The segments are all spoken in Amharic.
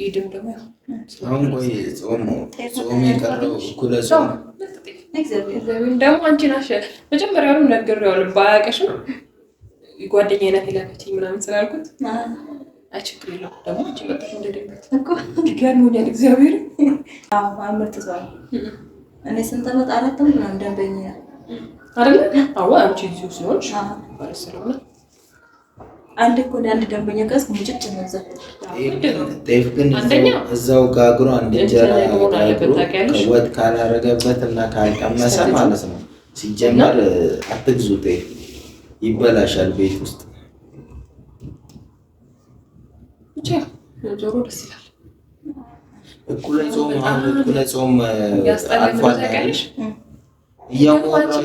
ሄድም ደግሞ አሁን ቆይ ጾም ጾም የቀረው እኩለ ጾም ደግሞ አንቺ ናሽ መጀመሪያውኑ ነግሬዋለሁ። ባያቀሽም ጓደኛ አይነት የላከችኝ ምናምን ስላልኩት ችግር የለውም። ደግሞ አንቺ መጣሽ እንደደበት ይገርሞኛል። እግዚአብሔር ምርጥ ጸዋል እኔ ስንጠመጥ አራተም ምናምን ደንበኛ አይደለ? አዎ አንቺ ሲሆንሽ ስለሆነ አንድ እኮ ለአንድ ደንበኛ ጋዝ ሙጭጭ መዘፍ እዛው ጋግሮ አንድ እንጀራ ጋግሮ ወጥ ካላረገበት እና ካልቀመሰ ማለት ነው። ሲጀመር አትግዙ ጤፍ ይበላሻል ቤት ውስጥ ጆሮ ደስ ይላል። እኩለ ጾም አሁን እኩለ ጾም አልፏል ያለሽ እያወራችሁ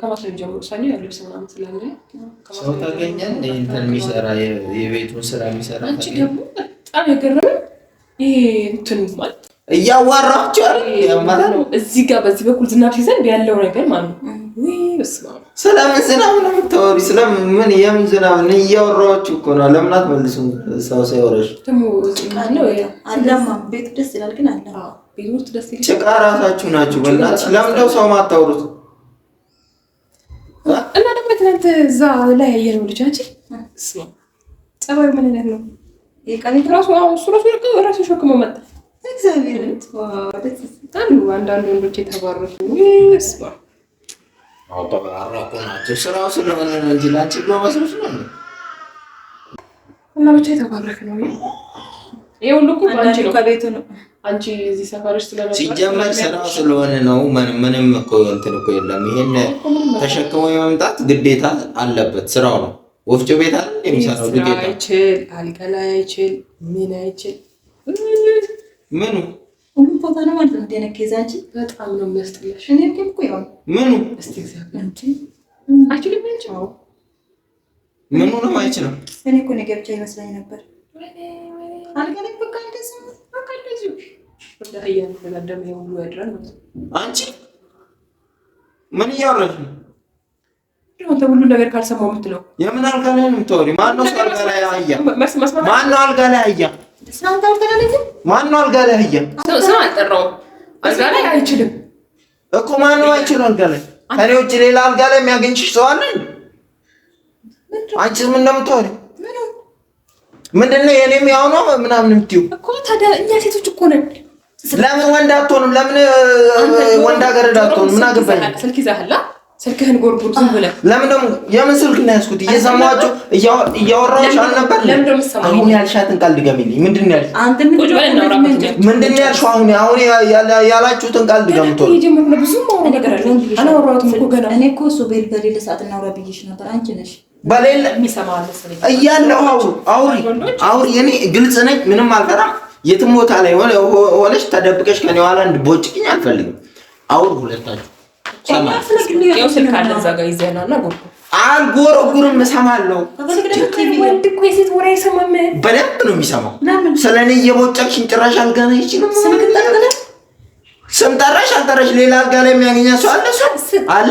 ከማስን ጀምሮ ሰው እንትን የሚሰራ የቤቱን ስራ የሚሰራ አንቺ ደግሞ በጣም ይሄ እንትን ማለት እዚህ ጋር በዚህ በኩል ዝናብ ሲዘን ያለው ነገር ማለት ነው። ስለምን ዝናብ ነው የምታወሪ? ስለምን የምን ዝናብ ነው? እኮ ነው። ለምን አትመልሱም? ሰው ሳይወረሽ ቤቱ ደስ ይላል፣ ግን ጭቃ ራሳችሁ ናችሁ። በእናትሽ ለምንድነው ሰው ማታውሩት? እዛ ላይ ያየነው ልጅ አንቺ ጸባዩ ምን አይነት ነው? የቀኔት ራሱ እሱ ራሱ ራሱ ሸክሞ መጣ። እግዚአብሔር አንዳንድ ወንዶች የተባረፉ ነው እንጂ ነው እና ብቻ የተባረክ ነው። ይሄ ሁሉ ሲጀመር ስራ ስለሆነ ነው። ምንም እኮ እንትን እኮ የለም። ይሄን ተሸክሞ የመምጣት ግዴታ አለበት፣ ስራው ነው። ወፍጮ ቤት አለ የሚሰራው ግዴታ አይችል፣ አልጋ ላይ አይችል፣ ምን አይችል፣ ምኑ ሁሉ ቦታ ነው ማለት ነው። ደነከዛ በጣም ነው የሚያስጠላሽ። እኔ ግን እኮ ያው ምኑ እስቲ እግዚአብሔር አንቺ አይችልም ምኑ ነው አይችልም። እኔ እኮ ነው ገብቻ ይመስለኝ ነበር አንቺ ምን እያወራሽ ነው? ሁሉ ነገር ካልሰማው የምትለው የምን አልጋ ላይ ነው የምታወሪው? ማነው አልጋ ላይ አህያ? ማነው አልጋ ላይ አህያ? ማነው አልጋ ላይ አህያ? ስም አልጠራውም። አልጋ ላይ አይችልም እኮ ማነው አይችልም? አልጋ ላይ ከእኔ ውጭ ሌላ አልጋ ላይ የሚያገኝሽ ሰው አለ? አንቺ ምን እንደምታወሪው ምንድነው የኔም ያው ነው ምናምን የምትይው እኮ ታዲያ፣ እኛ ሴቶች እኮ ነን። ለምን ወንድ አትሆንም? ለምን ወንድ አገረድ አትሆንም? ምን አገባኝ። ስልክ ይዛህላ፣ ስልክህን ጎርጉር ዝም ብለህ። ለምን ደግሞ የምን ስልክ ነው ያዝኩት? እየሰማችሁ እያወራሁሽ አልነበር? አሁን ያልሻትን ቃል ድገሚልኝ። ምንድን ያልሽ? ምንድን ያልሽ? አሁን አሁን ያላችሁትን ቃል ድገምቶ ብዙ ነገር አለ። አላወራሁትም እኮ ገና። እኔ እኮ እሱ በሌለ ሰዓት እናውራ ብዬሽ ነበር። አንቺ ነሽ በሌለ አውሪ አውሪ። እኔ ግልጽ ነኝ፣ ምንም አልፈራም። የትም ቦታ ላይ ሆነሽ ተደብቀሽ ከኔ ኋላ እንድትቦጭቅኝ አልፈልግም። አውሪ ሁለታችሁ። አልጎረጉርም፣ እሰማለሁ። በደንብ ነው የሚሰማው። ስለ እኔ እየቦጨቅሽኝ ጭራሽ አልጋ ነው ይችላል ስም ጠራሽ አልጠራሽ ሌላ አልጋ ላይ የሚያገኛ ሰው አለ አለ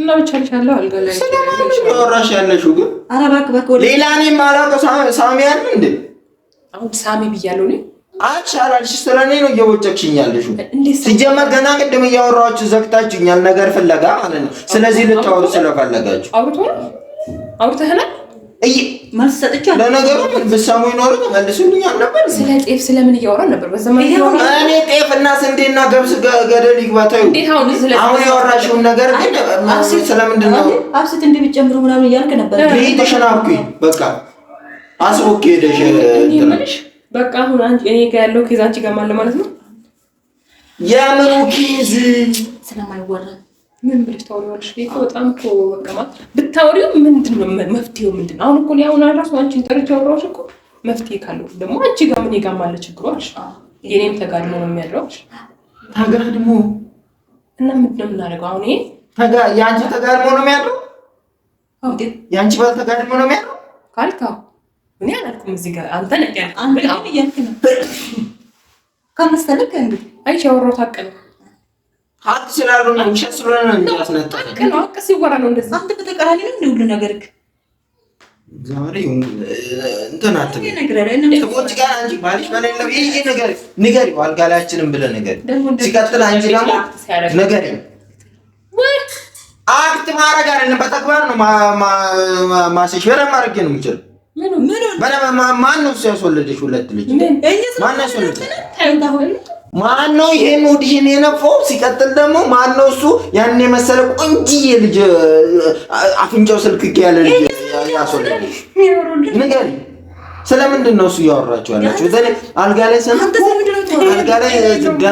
እና ብቻ ልሻለሁ አልጋ ላይ ስለራሽ ያለሽው ግን ኧረ እባክህ እባክህ፣ ሌላ እኔ የማላውቀው ሳሚ አለ እንዴ? አሁን ሳሚ ብያለሁ እኔ አንቺ አላልሽ፣ ስለ እኔ ነው እየቦጨቅሽኝ ያለሽው። ሲጀመር ገና ቅድም እያወራችሁ ዘግታችሁኛል፣ ነገር ፍለጋ ማለት ነው። ስለዚህ ልታወሩ ስለፈለጋችሁ አውርተናል። መልስ ሰጥቻለሁ። ለነገሩ ብትሰሙ ይኖሩ ተመልሱልኛል ነበር። ስለ ጤፍ ስለምን እያወራን ነበር? እኔ ጤፍ እና ስንዴና ገብስ ገደል ይግባታዩ። አሁን ያወራሽውን ነገር ግን ስለምንድን ነው አብስት እንዲህ ብትጨምሩ ምናምን እያልክ ነበር። ተሸናብኩኝ። በቃ አስቦክ ሄደሽ በቃ አሁን እኔ ጋ ያለው ኬዝ አንቺ ጋር ማለት ነው። የምኑ ኬዝ ስለማይወራ ምን ብለሽ ታወሪዋለሽ? ቤት በጣም እኮ በቃ ብታወሪው ምንድን ነው መፍትሄው? ምንድን ነው አሁን እኮ አሁን አራሱ አንቺን ጠርቼ አወራሁሽ እኮ መፍትሄ ካለው ደግሞ አንቺ ጋር ምን ጋር ማለ ችግሯልሽ፣ የኔም ተጋድሞ ነው የሚያድረዋልሽ። ተጋድሞ እና ምንድን ነው የምናደርገው አሁን? ይሄ የአንቺ ተጋድሞ ነው የሚያድረው፣ የአንቺ ባል ተጋድሞ ነው የሚያለው ካልካው እኔ አላልኩም። እዚህ ጋር አንተ ነቅ ያልክ። በጣም እያልክ ነው ከመሰለህ እንግዲህ አይቼ አወራሁት አቀልኩ ሀቅ ስላሉ ነው። ውሸት ስለሆነ ነው እንጂ ያስነጠፈ ነው። ሀቅ ሲወራ ነው እንደዛ። አንተ በተቃራኒ ነው እንደ ሁሉ ነገር ዛሬ እንትን አትበይ። ሰዎች ጋር አልጋላችንም ብለህ ንገሪው። ሲቀጥል አንቺ ደግሞ ንገሪው። አክት ማድረግ አይደለም በተግባር ነው ማስሽ። በደንብ አድርጌ ነው የምችለው። ማነው እሱ ያስወለደሽ ሁለት ልጅ? ማነው ያስወለደሽ? ማን ነው ይሄን ወዲህን የነፋው? ሲቀጥል ደግሞ ማን ነው እሱ ያን የመሰለ ቆንጂዬ ልጅ አፍንጫው ስልክ ያለ ልጅ ያሶልልሽ ስለምንድን ነው እሱ እያወራችሁ ያላችሁ? ዘለ አልጋ ላይ ሰምኩ፣ አልጋ ላይ አልጋ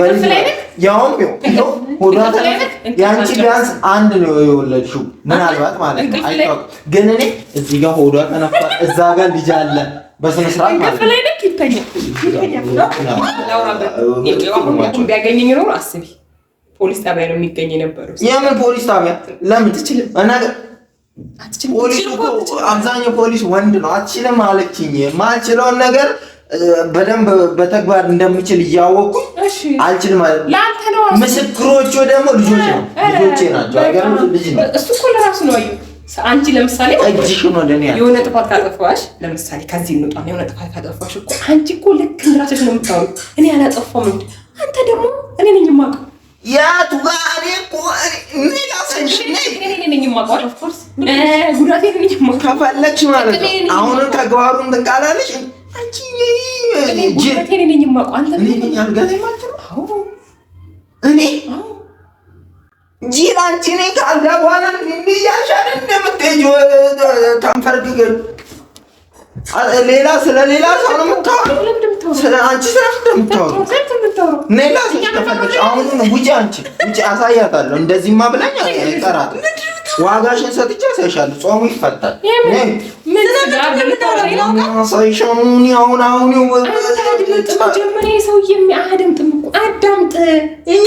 ላይ ያውም ነው ቢያንስ አንድ ነው የወለድሽው ምናልባት ማለት ነው አይታወቅም። ግን እኔ እዚህ ጋር ሆዷ ተነፋ፣ እዛ ጋር ልጅ አለ በስነስርዓት ማለት ነው ቢያገኘኝ ኖሮ አስቢ፣ ፖሊስ ጣቢያ ነው የሚገኝ የነበረው። የምን ፖሊስ ጣቢያ? ለምን ትችልም? እና አብዛኛው ፖሊስ ወንድ ነው። አትችልም አለችኝ። የማልችለውን ነገር በደንብ በተግባር እንደምችል እያወቅኩኝ አልችልም ማለት ነው። ምስክሮቹ ደግሞ ልጆች ነው ልጆቼ ናቸው። እሱ እኮ ለራሱ ነው አንቺ ለምሳሌ የሆነ ጥፋት ካጠፋሽ ለምሳሌ ከዚህ እንውጣ። የሆነ ጥፋት ካጠፋሽ እኮ አንቺ እኮ ልክ ራስሽ ነው የምታወሪው። እኔ አላጠፋም እንጂ አንተ ደግሞ እኔ ነኝ የማውቀው። ያ ቱጋ እኮ እኔ ላሰንሽ እኔ ነኝ ኦፍኮርስ ጉዳቴ ነኝ ከፈለግሽ ማለት ነው አሁን ተግባሩን እንትን አንቺ ጉዳቴ እኔ ነኝ አንተ ነኝ ማለት ነው እኔ ጂል አንቺ ነኝ ካልጋ በኋላ እንዲያሻል እንደምትሄጂ ተንፈርግገን ሌላ ስለ ሌላ ሰው ነው የምታወራው፣ አንቺ ስለ አሁን ውጪ፣ አንቺ ውጪ፣ አሳያታለሁ። እንደዚህማ ብላኝ ጠራት። ዋጋሽን ሰጥቼ አሳይሻለሁ። ጾሙ ይፈታል። አሁን አሁን አዳምጥ። እኛ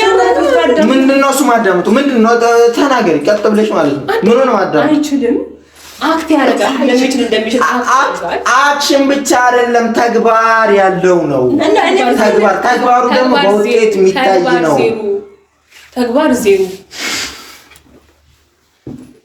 ምንድን ነው እሱ ማዳምጡ ምንድን ነው? ተናገሪ ቀጥ ብለሽ ማለት ነው። ምኑን ማዳምጥ አይችልም። አክሽን ብቻ አይደለም ተግባር ያለው ነው። ተግባር ተግባሩ ደግሞ በውጤት የሚታይ ነው። ተግባር ዜሮ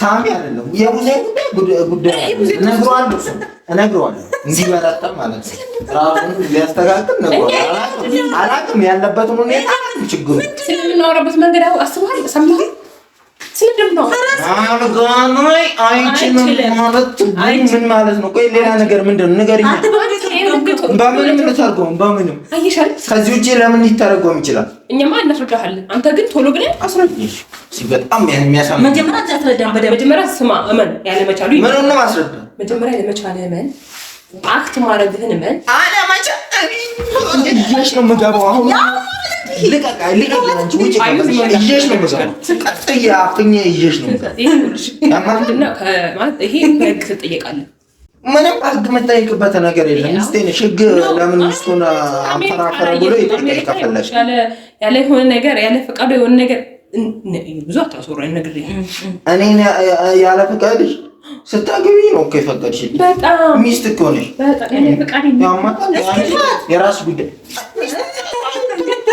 ሳሚ አይደለም የቡዜ ጉዳይ ጉዳይ እነግረዋለሁ እነግረዋለሁ እንዲበረታ ማለት ነው። ራሱን ሊያስተካክል እነግረዋለሁ። አላቅም ያለበትን ሁኔታ ችግሩ ስለምናወራበት መንገድ አስበሃል፣ ሰምተሃል አልጋናይ አይችልም ምን ማለት ነው? ቆይ ሌላ ነገር ለምን ሊተረጎም ይችላል? እኛማ እናስረዳሃለን። አንተ ግን ቶሎ ብለን መጀመሪያ አትረዳም። መጀመሪያ እመን ነው የምገባው አሁን ምንም ህግ የምጠይቅበት ነገር የለም። ስቴንሽ ህግ ለምን ሚስቱን አንፈራፈረ ብሎ ይጠይቃል። ያለ የሆነ ነገር ያለ ፈቃዱ የሆነ ነገር ብዙ አታስወራ ነገር እኔ ያለ ፈቃድሽ ስታገቢ ነው እኮ የፈቀድሽልኝ። ሚስት እኮ ነሽ። የራስ ጉዳይ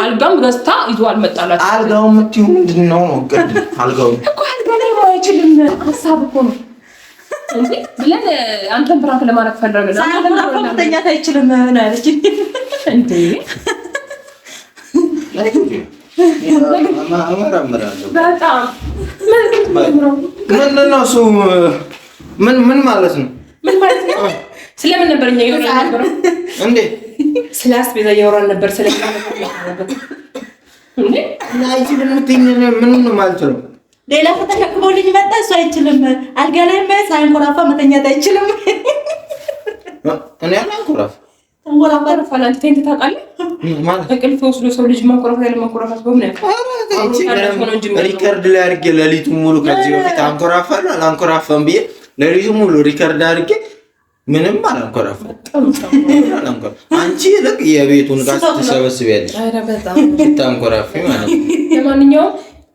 አልጋም ገዝታ ይዞ አልመጣላት። አልጋውን የምትይው ምንድን ነው ቅድም አልጋውን እኮ አልጋ ላይ አይችልም። ሀሳብ እኮ ነው ብለን አንተን ብራንክ ለማድረግ ፈለግን። ተኝታ አይችልም ነው ያለችኝ እንደ ምንድነው እሱ? ምን ምን ማለት ነው? ምን ማለት ነው? ስለምን ነበር እኛ እያወራን ነበር እንዴ? ስለ አስቤዛ እያወራን ነበር። ስለ ምን ማለት ነው? ሌላ መጣ። እሱ አይችልም፣ አልጋ ላይ ሳይንኮራፋ መተኛት አይችልም። እኔ አላንኮራፋ ወራበር ፈላንት ቴንት ሰው ልጅ መንኮራፋት ያለ ሪከርድ ላይ አድርጌ ለሊቱ ሙሉ ከዚህ በፊት አንኮራፋን አላንኮራፋን ብዬ ሌሊቱን ሙሉ ሪከርድ አድርጌ ምንም አላንኮራፋን። አንቺ ልክ የቤቱን ጋር ስትሰበስቢያለሽ ስታንኮራፊ ማለት ነው። ለማንኛውም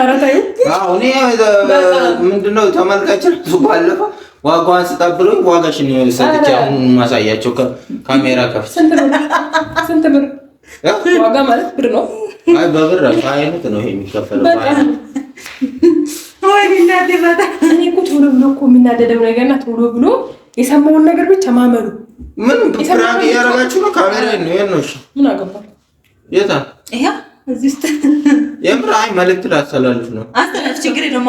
ኧረ ተይው። እኔ ነው ዋጋዋን ዋጋሽን ሰጥቼ አሁን ማሳያቸው ካሜራ ስንት ብር ዋጋ ማለት ብር ነው። አይ በብር አይነት ነው ይሄ የሚከፈለው። እኮ የሚናደደው ነገር ቶሎ ብሎ የሰማውን ነገር ብቻ ማመኑ ምን ነው። ካሜራ ነው ምን አገባ የምር አይ መልዕክት ላስተላልፍ ነው። አስተላልፍ፣ ችግር የለም።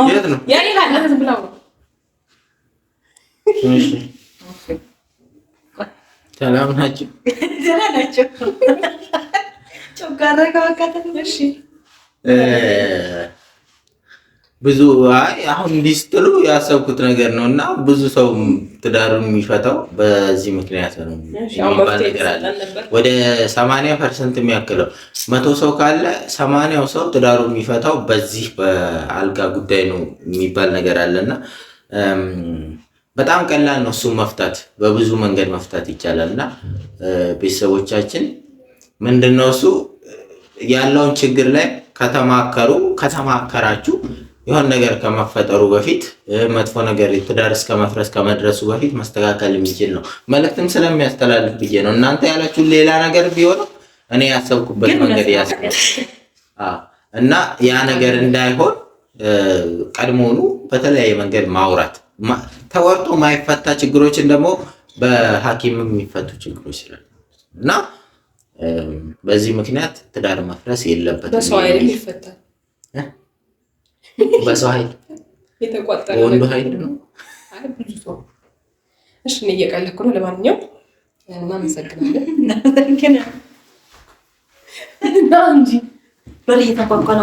ነው ሰላም ናቸው፣ ደህና ብዙ አይ አሁን ሊስጥሉ ያሰብኩት ነገር ነው እና ብዙ ሰው ትዳሩን የሚፈታው በዚህ ምክንያት ነው የሚባል ነገር አለ። ወደ ሰማንያ ፐርሰንት የሚያክለው መቶ ሰው ካለ ሰማንያው ሰው ትዳሩ የሚፈታው በዚህ በአልጋ ጉዳይ ነው የሚባል ነገር አለ እና በጣም ቀላል ነው እሱም መፍታት በብዙ መንገድ መፍታት ይቻላል እና ቤተሰቦቻችን ምንድነው እሱ ያለውን ችግር ላይ ከተማከሩ ከተማከራችሁ የሆነ ነገር ከመፈጠሩ በፊት መጥፎ ነገር ትዳር እስከ መፍረስ ከመድረሱ በፊት መስተካከል የሚችል ነው። መልእክትም ስለሚያስተላልፍ ብዬ ነው። እናንተ ያላችሁ ሌላ ነገር ቢሆንም እኔ ያሰብኩበት መንገድ ያስ እና ያ ነገር እንዳይሆን ቀድሞውኑ በተለያየ መንገድ ማውራት ተወርጦ ማይፈታ ችግሮችን ደግሞ በሐኪምም የሚፈቱ ችግሮች ስላሉ እና በዚህ ምክንያት ትዳር መፍረስ የለበትም። በሰው ኃይል ወንዱ ኃይል ነው። እሺ፣ እኔ እየቀለድኩ ነው። ለማንኛውም እናመሰግናለን እና እንጂ በር እየተቋቋ ነው።